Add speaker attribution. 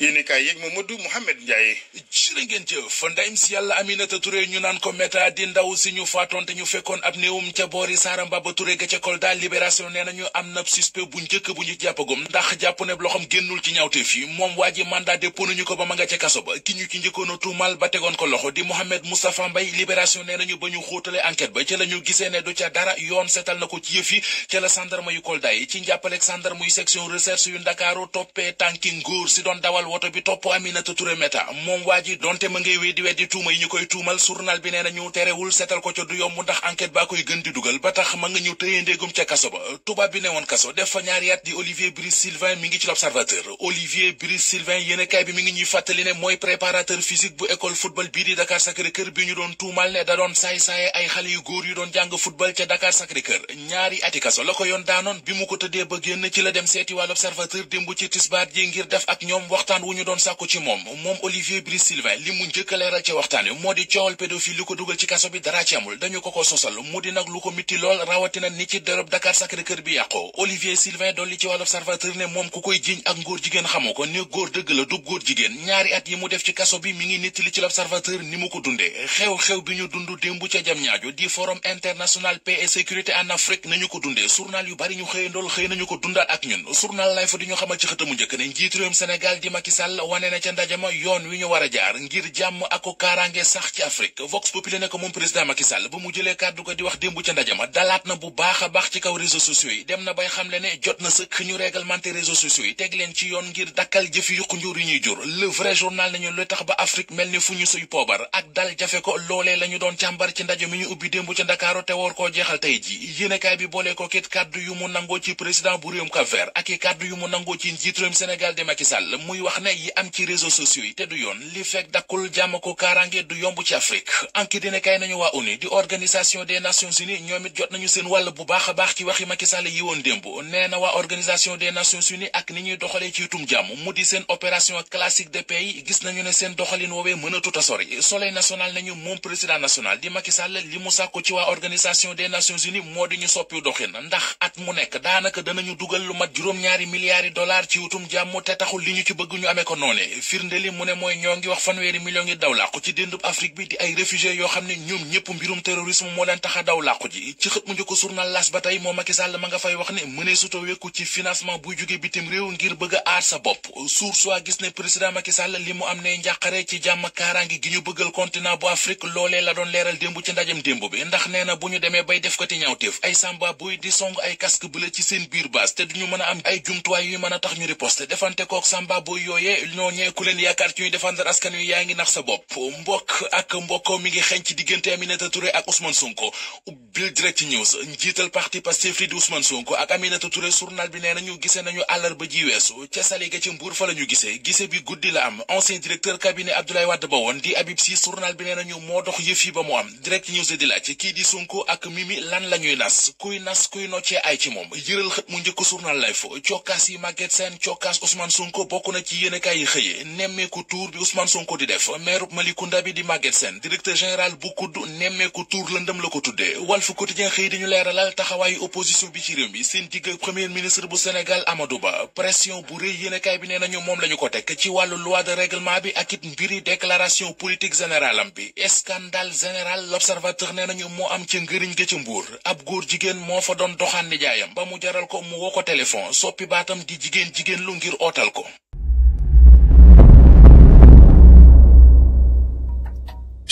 Speaker 1: yéeni kaay yeeg Mamadou Mouhamed Ndiaye jërë ngeen jëf ndayim si yàlla Aminata Touré ñu naan ko méta di ndaw si ñu faatoon te ñu fekkoon ab néewum ca boori Saara Mbaba Touré ga ca Kolda libération nee nañu am na suspect bu njëkk bu ñu jàppagum ndax jàpp ne loxoom génnul ci ñaawteef yi moom waa ji mandat dépôt nañu ko ba ma nga ca kaso ba ki ñu ci njëkkoon a tuumal ba tegoon ko loxo di Mouhamed Moustapha Mbaye libération nee nañu ba ñu xóotale enquête ba ca la ñu gisee ne du ca dara yoon seetal woto bi topp Aminata Touré Meta moom waa donte ma ngay weddi weddi tuuma yi ñu koy tuumal journal bi nee na ñu terewul setal ko ca yomb ndax enquête baa koy gën di dugal ba tax ma nga ñu tëye ndéegum ca kaso ba tubaab bi ne woon kaso def fa ñaari at Olivier Brice Sylvain mi ci l'Observateur Olivier Brice Sylvain yéenekaay bi mi ngi ñuy mooy préparateur physique bu école football bii di Dakar Sacré-Cœur bi ñu doon tuumal ne da doon saay waxtaan wu ñu doon sàkku ci moom moom Olivier Brice Sylvain li mu njëkk a leeral ci waxtaan wi moo di coowal pédophile lu ko dugal ci kaso bi dara ci amul dañu ko sosal mu di ni mu ko dundee xew-xew bi ñu dund démb ca jam ñaajo di forum international paix et sécurité en Afrique nañu ko dundee journal yu bari ñu xëyandool xëy nañu ko dundal ak ñun journal Life di ñu xamal ci xëtamu njëkk ne njiit Sénégal di Macky Sall wane na ca ndajama yoon wi ñu war a jaar ngir jàmm ako kaaraange sax ci Afrique Vox Populi ne ko moom président Macky Sall ba mu jëlee kàddu ko di wax démb ca ndajama dalaat a yi ñu réglementé réseaux sociaux yi teg leen ci yoon ngir dakkal jëfi yuq njur yi ko loolee la ñu doon càmbar ci ndaje mi ñu ubbi démb ca Ndakaaru te kàddu yu mu nangoo ci président bu réewum Cap-Vert ak i kàddu yu mu nangoo ci njiit réewum Sénégal di Macky wax ne yi am ci réseaux sociaux yi te du yoon li fekk dakkul jàmm ko kaaraange du yomb ci Afrique enquête dina kay nañu waa ONU di organisation des nations unies ñoom it jot nañu seen wàll bu baax a baax ci waxi Macky Sall yi woon démb nee na organisation des nations unies ak ni ñuy doxalee ci tum jàmm mu di seen opération classique de pays gis nañu ne seen doxalin woowee mën a tuta sori soleil national nañu moom président national di Macky li mu sàkku lu mat juróom-ñaari milliards ñu amee ko noone firnde li ne mooy ñoo ngi wax fanweeri million yi ay réfugié yoo xam ne ñoom ñëpp mbirum terrorisme moo leen tax a ngir bëgg aar sa bopp suur soit gis ne président Macky Sall li mu am ne njàqare ci jàmm kaaraangi gi ñu bëggal continent bu Afrique loole la doon leeral démb ci ndajem démb bi ndax nee na bu ñu demee bay def ko ti ñaawteef ay samba boy di song ay casque bleu ci seen biir base te duñu mën a am ay jumtuwaay yu mën a tax ñu riposte defante kook samba yooye ñooñee ku leen yaakaar ci ñuy défendre askan wi yaa ngi nax sa bopp mbokk ak mbokkoo mi ngi xeeñ ci diggante Aminata Touré ak Ousmane Sonko ubbil direct news njiital parti Pastef li di Ousmane Sonko ak Aminata Touré journal bi nee nañu gisee nañu àllarba ji weesu ca Sali ga ci Mbuur fa la ñu gisee gise bi guddi la am ancien directeur cabinet Abdoulaye Wade ba woon di Habib Sy journal bi nee nañu moo dox yëf yi ba mu am direct news di laaj kii di Sonko la ñuy nas kuy nas kuy noccee ay ci moom yëral mu njëkk journal lay fo cokkaas yi Maguette Sène yéenekaay yi xëyee nemmeeku tuur bi Ousmane Sonko di def maire Malicounda bi di Maguette seen directeur général bu kudd nemmeeku tuur lëndëm la ko tuddee wal Walf Quotidien xëy di ñu leeralal taxawaayu opposition bi ci réew mi seen digg ak premier ministre bu Sénégal Amadou Ba pression bu rëy yéenekaay bi nee nañu moom la ñu ko tekk ci wàllu loi de règlement bi ak it mbiri déclaration politique générale am bi scandale général L'Observateur nee nañu moo am ci ngëriñ ga ca Mbuur góor jigéen moo fa doon doxaan nijaayam ba mu jaral ko mu ko téléphone soppi baatam di jigéen jigéen lu ngir ootal ko